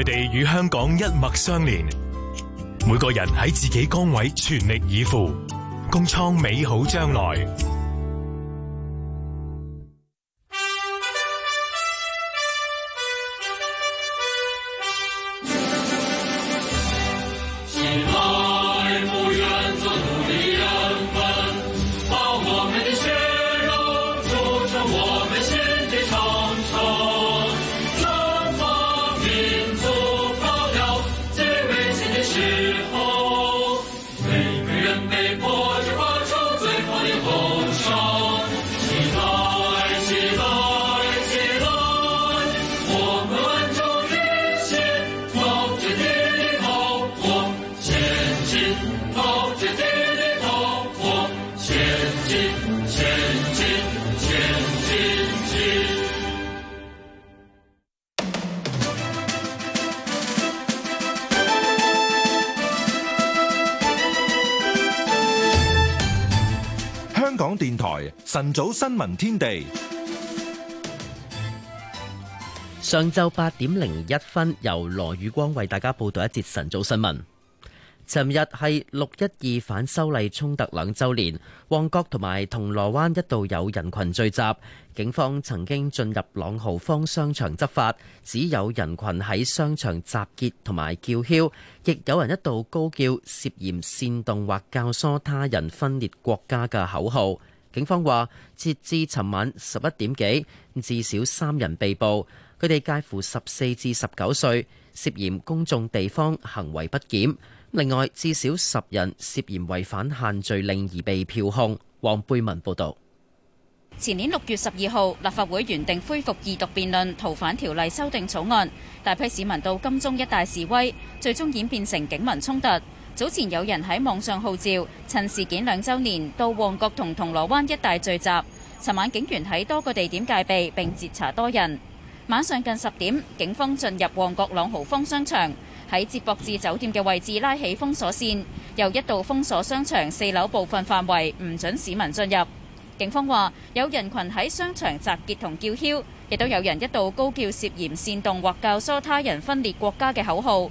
佢哋與香港一脈相連，每個人喺自己崗位全力以赴，共創美好將來。愛 不願人們，把我們的血肉築成我們晨早新聞天地，上晝八點零一分，由羅宇光為大家報道一節晨早新聞。尋日係六一二反修例衝突兩周年，旺角同埋銅鑼灣一度有人群聚集，警方曾經進入朗豪坊商場執法，只有人群喺商場集結同埋叫囂，亦有人一度高叫涉嫌煽動或教唆他人分裂國家嘅口號。警方話，截至尋晚十一點幾，至少三人被捕，佢哋介乎十四至十九歲，涉嫌公眾地方行為不檢。另外，至少十人涉嫌違反限聚令而被票控。黃貝文報導。前年六月十二號，立法會原定恢復二讀辯論《逃犯條例》修訂草案，大批市民到金鐘一帶示威，最終演變成警民衝突。早前有人喺網上號召趁事件兩周年到旺角同銅鑼灣一帶聚集。尋晚警員喺多個地點戒備並截查多人。晚上近十點，警方進入旺角朗豪坊商場，喺接駁至酒店嘅位置拉起封鎖線，又一度封鎖商場四樓部分範圍，唔準市民進入。警方話有人群喺商場集結同叫囂，亦都有人一度高叫涉嫌煽動或教唆他人分裂國家嘅口號。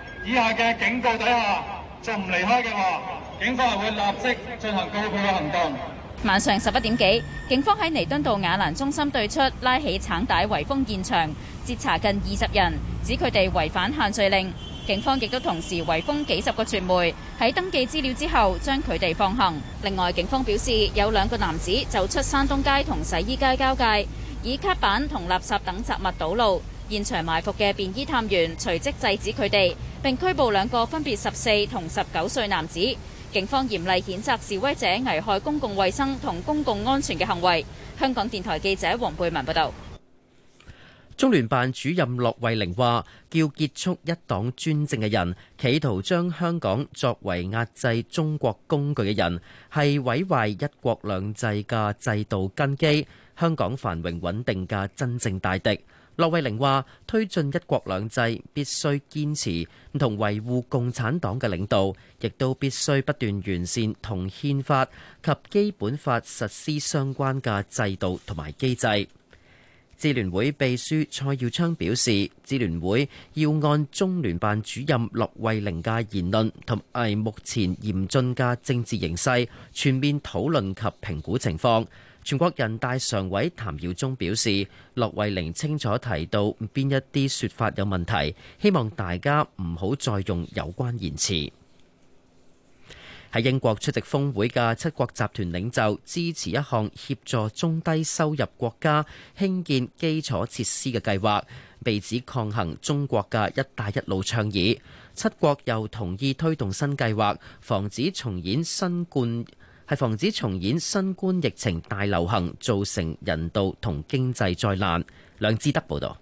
以下嘅警告底下，就唔離開嘅話，警方會立即進行對付佢嘅行動。晚上十一點幾，警方喺彌敦道雅蘭中心對出拉起橙帶圍封現場，截查近二十人，指佢哋違反限聚令。警方亦都同時圍封幾十個傳媒，喺登記資料之後將佢哋放行。另外，警方表示有兩個男子走出山東街同洗衣街交界，以卡板同垃圾等雜物堵路。現場埋伏嘅便衣探員隨即制止佢哋，並拘捕兩個分別十四同十九歲男子。警方嚴厲譴責示威者危害公共衛生同公共安全嘅行為。香港電台記者黃貝文報道。中聯辦主任駱惠寧話，叫結束一黨專政嘅人，企圖將香港作為壓制中國工具嘅人，係毀壞一國兩制嘅制度根基，香港繁榮穩定嘅真正大敵。駱惠寧話：推進一國兩制，必須堅持同維護共產黨嘅領導，亦都必須不斷完善同憲法及基本法實施相關嘅制度同埋機制。支聯會秘書蔡耀昌表示：支聯會要按中聯辦主任駱惠寧嘅言論同埋目前嚴峻嘅政治形勢，全面討論及評估情況。全國人大常委譚耀宗表示，駱惠寧清楚提到邊一啲說法有問題，希望大家唔好再用有關言辭。喺英國出席峰會嘅七國集團領袖支持一項協助中低收入國家興建基礎設施嘅計劃，被指抗衡中國嘅“一帶一路”倡議。七國又同意推動新計劃，防止重演新冠。係防止重演新冠疫情大流行造成人道同經濟災難。梁志德報道，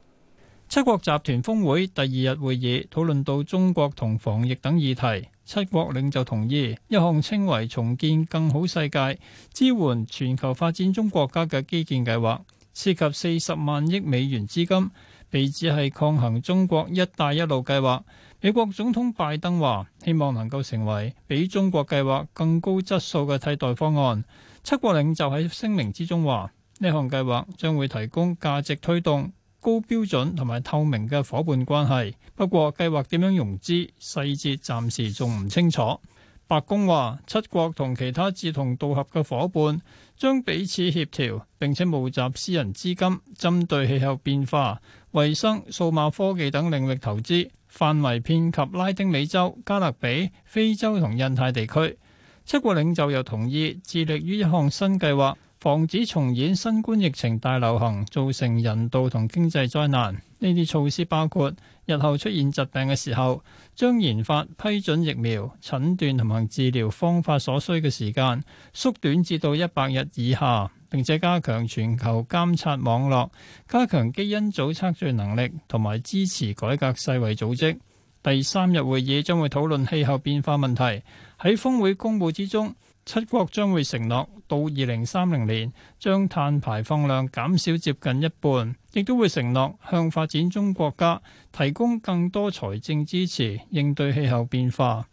七國集團峰會第二日會議討論到中國同防疫等議題，七國領袖同意一項稱為重建更好世界、支援全球發展中國家嘅基建計劃，涉及四十萬億美元資金，被指係抗衡中國一帶一路計劃。美國總統拜登話，希望能夠成為比中國計劃更高質素嘅替代方案。七國領袖喺聲明之中話，呢項計劃將會提供價值推動、高標準同埋透明嘅伙伴關係。不過，計劃點樣融資細節暫時仲唔清楚。白宮話，七國同其他志同道合嘅伙伴將彼此協調，並且募集私人資金，針對氣候變化、衛生、數碼科技等領域投資。範圍遍及拉丁美洲、加勒比、非洲同印太地區，七國領袖又同意致力於一項新計劃，防止重演新冠疫情大流行造成人道同經濟災難。呢啲措施包括日後出現疾病嘅時候，將研發批准疫苗、診斷同埋治療方法所需嘅時間縮短至到一百日以下。並且加強全球監察網絡，加強基因組測序能力，同埋支持改革世衛組織。第三日會議將會討論氣候變化問題。喺峰會公佈之中，七國將會承諾到二零三零年將碳排放量減少接近一半，亦都會承諾向發展中國家提供更多財政支持應對氣候變化。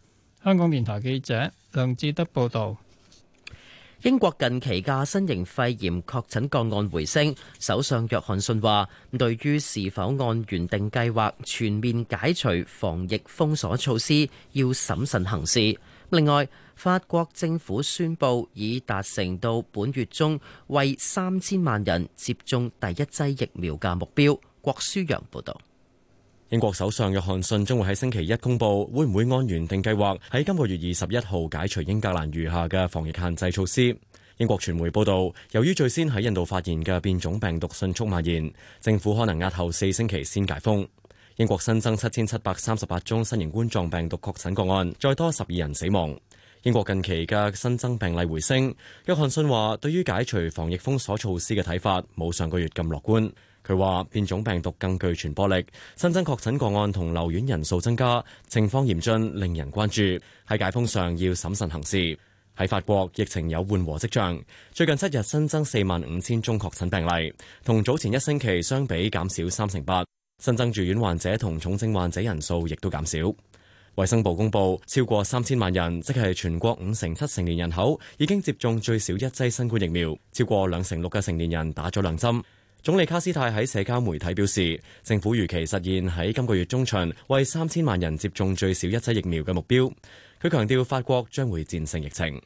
香港電台記者梁志德報導。英國近期嘅新型肺炎確診個案回升，首相約翰遜話，對於是否按原定計劃全面解除防疫封鎖措施，要審慎行事。另外，法國政府宣佈已達成到本月中為三千萬人接種第一劑疫苗嘅目標。郭舒揚報道。英國首相約翰遜將會喺星期一公布會唔會按原定計劃喺今個月二十一號解除英格蘭餘下嘅防疫限制措施。英國傳媒報道，由於最先喺印度發現嘅變種病毒迅速蔓延，政府可能押後四星期先解封。英國新增七千七百三十八宗新型冠狀病毒確診個案，再多十二人死亡。英國近期嘅新增病例回升，約翰遜話，對於解除防疫封鎖措施嘅睇法冇上個月咁樂觀。佢話：變種病毒更具傳播力，新增確診個案同留院人數增加，情況嚴峻，令人關注。喺解封上要審慎行事。喺法國，疫情有緩和跡象，最近七日新增四萬五千宗確診病例，同早前一星期相比減少三成八。新增住院患者同重症患者人數亦都減少。衛生部公佈，超過三千萬人，即係全國五成七成年人口已經接種最少一劑新冠疫苗，超過兩成六嘅成年人打咗兩針。總理卡斯泰喺社交媒體表示，政府預期實現喺今個月中旬為三千萬人接種最少一劑疫苗嘅目標。佢強調法國將會戰勝疫情。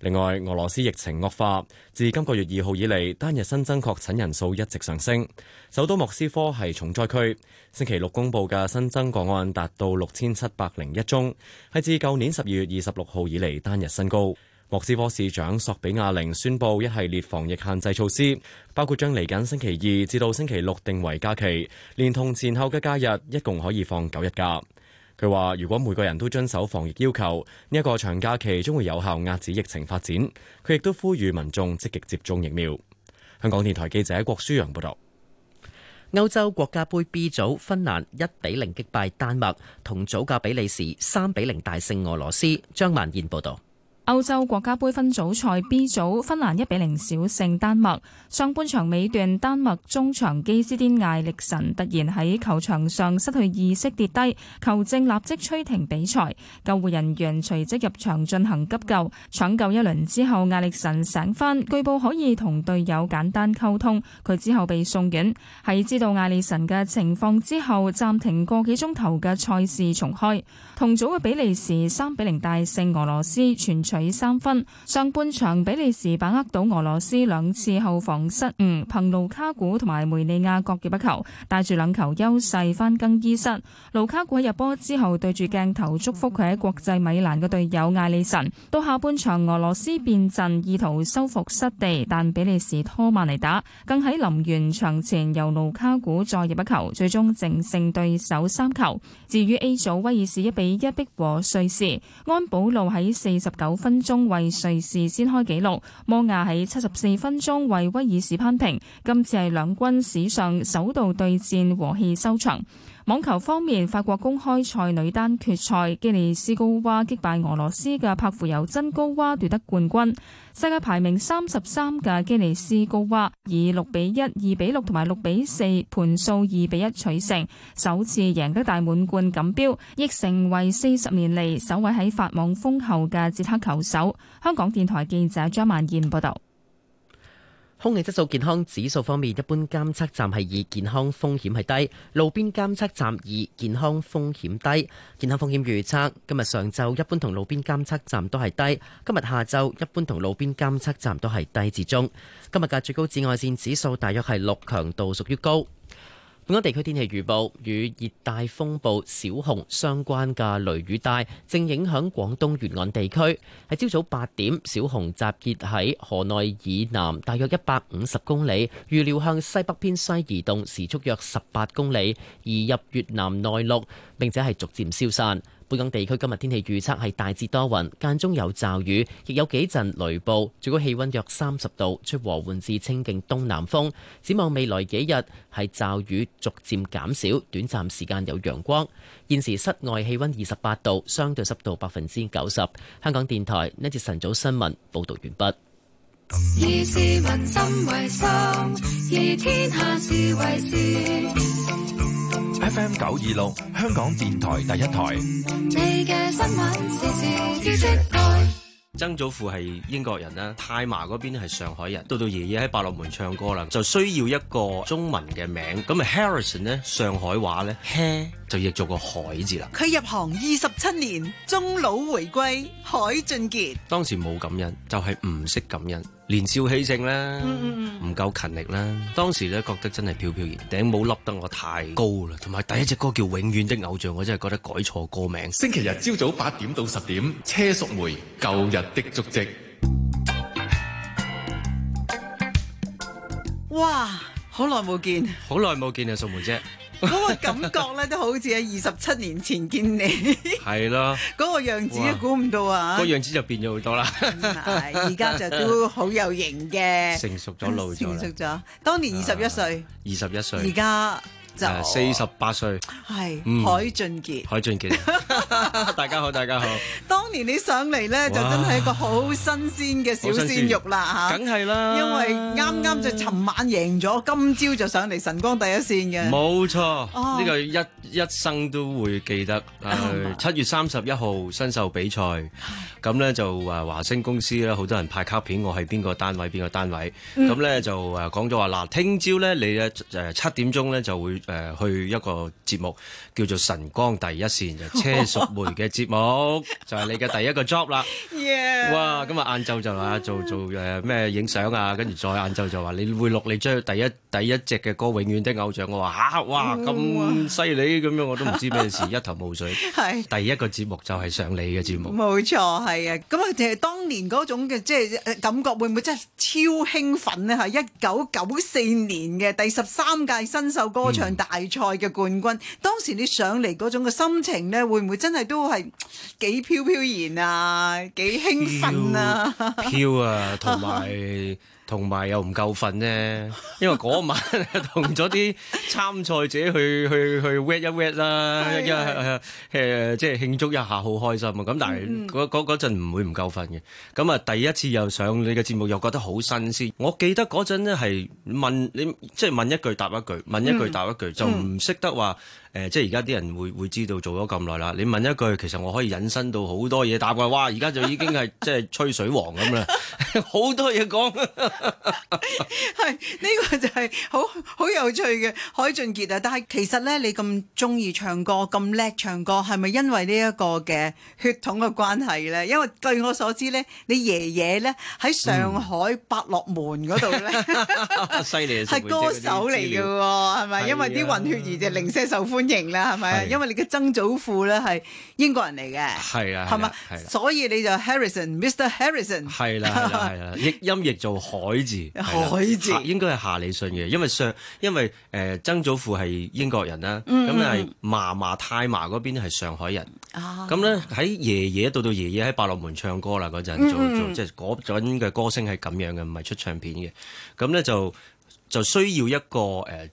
另外，俄羅斯疫情惡化，自今個月二號以嚟，單日新增確診人數一直上升。首都莫斯科係重災區，星期六公佈嘅新增個案達到六千七百零一宗，係自舊年十二月二十六號以嚟單日新高。莫斯科市長索比亞寧宣布一系列防疫限制措施，包括將嚟緊星期二至到星期六定為假期，連同前後嘅假日，一共可以放九日假。佢話如果每個人都遵守防疫要求，呢一個長假期將會有效壓止疫情發展。佢亦都呼籲民眾積極接種疫苗。香港電台記者郭舒揚報道。歐洲國家杯 B 組，芬蘭一比零擊敗丹麥，同組嘅比利時三比零大勝俄羅斯。張曼燕報道。歐洲國家杯分組賽 B 組，芬蘭一比零小勝丹麥。上半場尾段，丹麥中場基斯丁·艾力神突然喺球場上失去意識跌低，球證立即吹停比賽，救護人員隨即入場進行急救。搶救一輪之後，艾力神醒翻，據報可以同隊友簡單溝通。佢之後被送院。喺知道艾力神嘅情況之後，暫停個幾鐘頭嘅賽事重開。同組嘅比利時三比零大勝俄羅斯，全取三分。上半場比利時把握到俄羅斯兩次後防失誤，憑盧卡古同埋梅尼亞各入一球，帶住兩球優勢翻更衣室。盧卡古入波之後，對住鏡頭祝福佢喺國際米蘭嘅隊友艾歷臣。到下半場俄羅斯變陣，意圖收復失地，但比利時拖慢嚟打，更喺臨完場前由盧卡古再入一球，最終淨勝對手三球。至於 A 組威爾士一比一逼和瑞士，安保路喺四十九。分鐘為瑞士先開紀錄，摩亞喺七十四分鐘為威爾士扳平。今次係兩軍史上首度對戰，和氣收場。網球方面，法國公開賽女單決賽，基尼斯高娃擊敗俄羅斯嘅帕芙尤真高娃奪得冠軍。世界排名三十三嘅基尼斯高娃以六比一、二比六同埋六比四盤數二比一取勝，首次贏得大滿貫錦標，亦成為四十年嚟首位喺法網封后嘅捷克球手。香港電台記者張曼燕報道。空氣質素健康指數方面，一般監測站係以健康風險係低，路邊監測站以健康風險低。健康風險預測今日上晝一般同路邊監測站都係低，今日下晝一般同路邊監測站都係低至中。今日嘅最高紫外綫指數大約係六，強度屬於高。本港地區天氣預報。與熱帶風暴小熊相關嘅雷雨帶正影響廣東沿岸地區。喺朝早八點，小熊集結喺河內以南大約一百五十公里，預料向西北偏西移動，時速約十八公里，移入越南內陸，並且係逐漸消散。本港地區今日天氣預測係大致多雲，間中有驟雨，亦有幾陣雷暴，最高氣溫約三十度，出和緩至清勁東南風。展望未來幾日係驟雨逐漸減少，短暫時間有陽光。現時室外氣溫二十八度，相對濕度百分之九十。香港電台呢節晨早新聞報道完畢。以 FM 九二六香港電台第一台。曾祖父係英國人啦，太嫲嗰邊咧係上海人，到到爺爺喺百樂門唱歌啦，就需要一個中文嘅名。咁啊，Harrison 咧上海話咧，嘿，就譯做個海字啦。佢入行二十七年，中老回歸，海俊傑。當時冇感恩，就係唔識感恩。年少氣盛啦，唔夠勤力啦。當時咧覺得真係飄飄然，頂帽笠得我太高啦。同埋第一隻歌叫《永遠的偶像》，我真係覺得改錯歌名。星期日朝早八點到十點，車淑梅舊日的足跡。哇！好耐冇見，好耐冇見啊，淑梅姐。嗰 個感覺咧，都好似喺二十七年前見你。係 咯是的，嗰 個樣子都估唔到啊！個樣子就變咗好多啦，而 家就都好有型嘅，成熟咗老咗成熟咗，當年二十一歲，二十一歲，而家，就四十八歲，係海俊傑，海俊傑。大家好，大家好。當年你上嚟咧，就真係一個好新鮮嘅小鮮肉啦，吓，梗係啦。因為啱啱就尋晚贏咗，今朝就上嚟晨光第一線嘅，冇錯。呢個一一生都會記得。七月三十一號新秀比賽，咁咧就誒華星公司咧，好多人派卡片，我係邊個單位，邊個單位。咁咧就誒講咗話，嗱，聽朝咧你咧誒七點鐘咧就會。誒去一個節目叫做《晨光第一線》就車淑梅嘅節目，就係你嘅第一個 job 啦。哇！咁啊，晏晝就話做做誒咩影相啊，跟住再晏晝就話你會錄你將第一第一隻嘅歌《永遠的偶像》。我話嚇，哇！咁犀利咁樣，我都唔知咩事，一頭霧水。係第一個節目就係上你嘅節目，冇錯係啊。咁啊，就係當年嗰種嘅即係感覺，會唔會真係超興奮咧？嚇！一九九四年嘅第十三屆新秀歌唱。大賽嘅冠軍，當時你上嚟嗰種嘅心情呢，會唔會真係都係幾飄飄然啊？幾興奮啊！飄飄啊，同埋。同埋又唔夠瞓啫，因為嗰晚同咗啲參賽者去 去去去 wet 一 wet 啦，誒，即係慶祝一下，好開心啊！咁但係嗰陣唔會唔夠瞓嘅，咁啊，第一次又上你嘅節目又覺得好新鮮，我記得嗰陣咧係問你，即、就、係、是、問一句答一句，問一句答一句，就唔識得話。誒、呃，即係而家啲人會會知道做咗咁耐啦。你問一句，其實我可以引申到好多嘢答㗎哇！而家就已經係即係吹水王咁啦，好多嘢講，係 呢、這個就係好好有趣嘅海俊杰啊！但係其實咧，你咁中意唱歌咁叻唱歌，係咪因為呢一個嘅血統嘅關係咧？因為據我所知咧，你爺爺咧喺上海百樂門度咧，係、嗯、 歌手嚟嘅喎，係咪？啊、因為啲混血兒就零舍受歡迎。型迎啦，係咪啊？因為你嘅曾祖父咧係英國人嚟嘅，係啊，係嘛，所以你就 Harrison，Mr. Harrison，係啦，係啦，譯音譯做海字，海字應該係夏里信嘅，因為上，因為誒、呃、曾祖父係英國人啦，咁係嫲嫲，太嫲嗰邊係上海人，咁咧喺，爺爺到到爺爺喺百樂門唱歌啦，嗰、嗯、陣、嗯、做做即係嗰陣嘅歌聲係咁樣嘅，唔係出唱片嘅，咁咧就就需要一個誒。呃